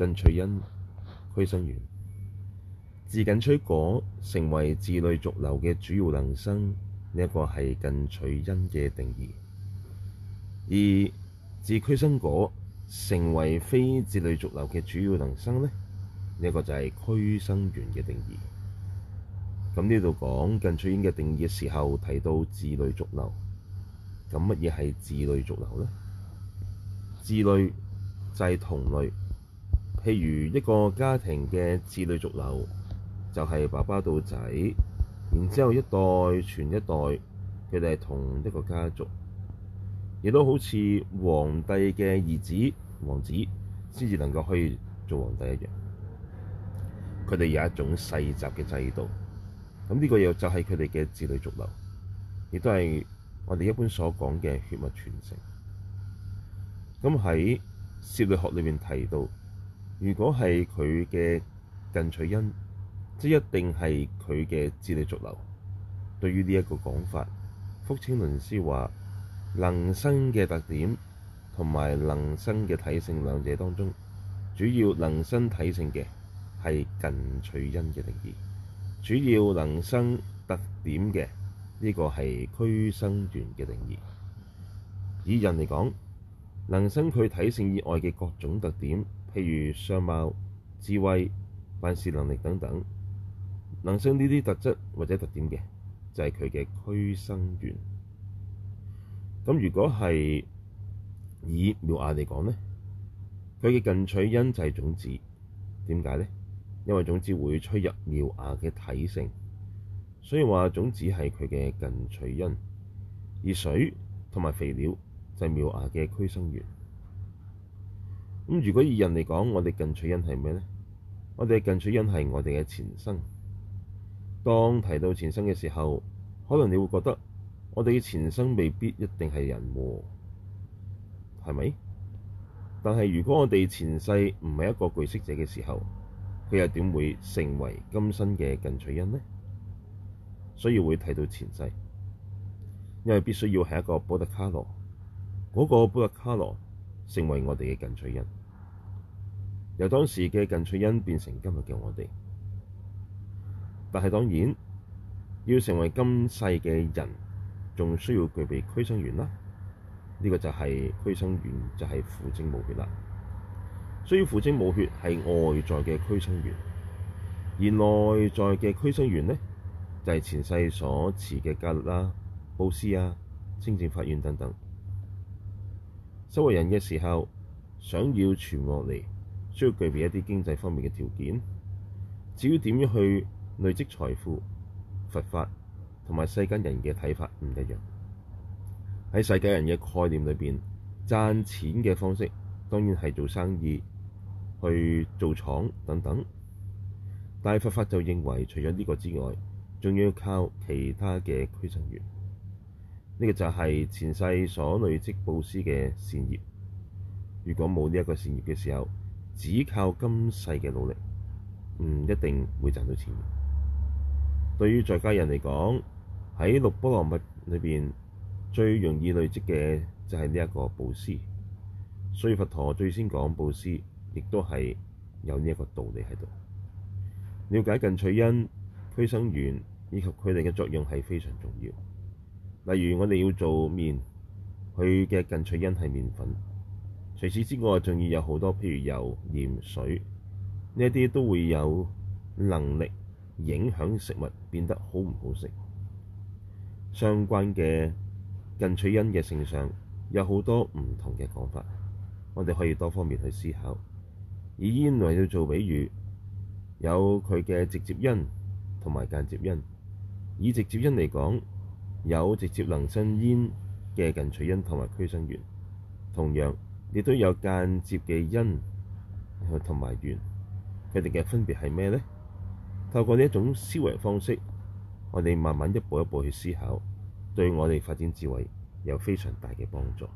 近取因，俱生緣。自近取果成為自類續流嘅主要能生，呢、這、一個係近取因嘅定義。而自俱生果成為非自類續流嘅主要能生咧，呢、這、一個就係俱生緣嘅定義。咁呢度講近取因嘅定義嘅時候，提到自類續流，咁乜嘢係自類續流呢？自類就係、是、同類。譬如一個家庭嘅自類續流，就係、是、爸爸到仔，然後之後一代傳一代，佢哋係同一個家族，亦都好似皇帝嘅兒子王子先至能夠可以做皇帝一樣。佢哋有一種世襲嘅制度，咁呢個又就係佢哋嘅自類續流，亦都係我哋一般所講嘅血脈傳承。咁喺攝類學裏面提到。如果係佢嘅近取因，即一定係佢嘅自類續流。對於呢一個講法，福稱論師話：能生嘅特點同埋能生嘅體性兩者當中，主要能生體性嘅係近取因嘅定義，主要能生特點嘅呢、這個係俱生緣嘅定義。以人嚟講，能生佢體性以外嘅各種特點。譬如相貌、智慧、辦事能力等等，能生呢啲特質或者特點嘅，就係佢嘅俱生緣。咁如果係以苗芽嚟講咧，佢嘅近取因就係種子，點解咧？因為種子會趨入苗芽嘅體性，所以話種子係佢嘅近取因，而水同埋肥料就係苗芽嘅俱生緣。咁如果以人嚟講，我哋近取因係咩咧？我哋嘅近取因係我哋嘅前生。當提到前生嘅時候，可能你會覺得我哋嘅前生未必一定係人喎，係咪？但係如果我哋前世唔係一個具識者嘅時候，佢又點會成為今生嘅近取因呢？所以會提到前世，因為必須要係一個補特伽羅，嗰個補特伽羅成為我哋嘅近取因。由當時嘅近取因變成今日嘅我哋，但係當然要成為今世嘅人，仲需要具備俱生緣啦、啊。呢、這個就係俱生緣，就係父精母血啦。所以父精母血係外在嘅俱生緣，而內在嘅俱生緣呢，就係、是、前世所持嘅戒律啦、啊、布施啊、清正法院等等。作為人嘅時候，想要存落嚟，需要具備一啲經濟方面嘅條件。至於點樣去累積財富，佛法同埋世間人嘅睇法唔一樣。喺世界人嘅概念裏邊，賺錢嘅方式當然係做生意、去做廠等等。但係佛法就認為，除咗呢個之外，仲要靠其他嘅俱生緣。呢、這個就係前世所累積布施嘅善業。如果冇呢一個善業嘅時候，只靠今世嘅努力，唔、嗯、一定會賺到錢。對於在家人嚟講，喺六波羅蜜裏邊最容易累積嘅就係呢一個布施。所以佛陀最先講布施，亦都係有呢一個道理喺度。了解近取因、俱生緣，以及佢哋嘅作用係非常重要。例如我哋要做麵，佢嘅近取因係麵粉。除此之外，仲要有好多，譬如油、鹽、水呢啲，都會有能力影響食物變得好唔好食。相關嘅近取因嘅性相，有好多唔同嘅講法，我哋可以多方面去思考。以煙為去做比喻，有佢嘅直接因同埋間接因。以直接因嚟講，有直接能生煙嘅近取因同埋俱生緣，同樣，亦都有間接嘅因同埋緣，佢哋嘅分別係咩咧？透過呢一種思維方式，我哋慢慢一步一步去思考，對我哋發展智慧有非常大嘅幫助。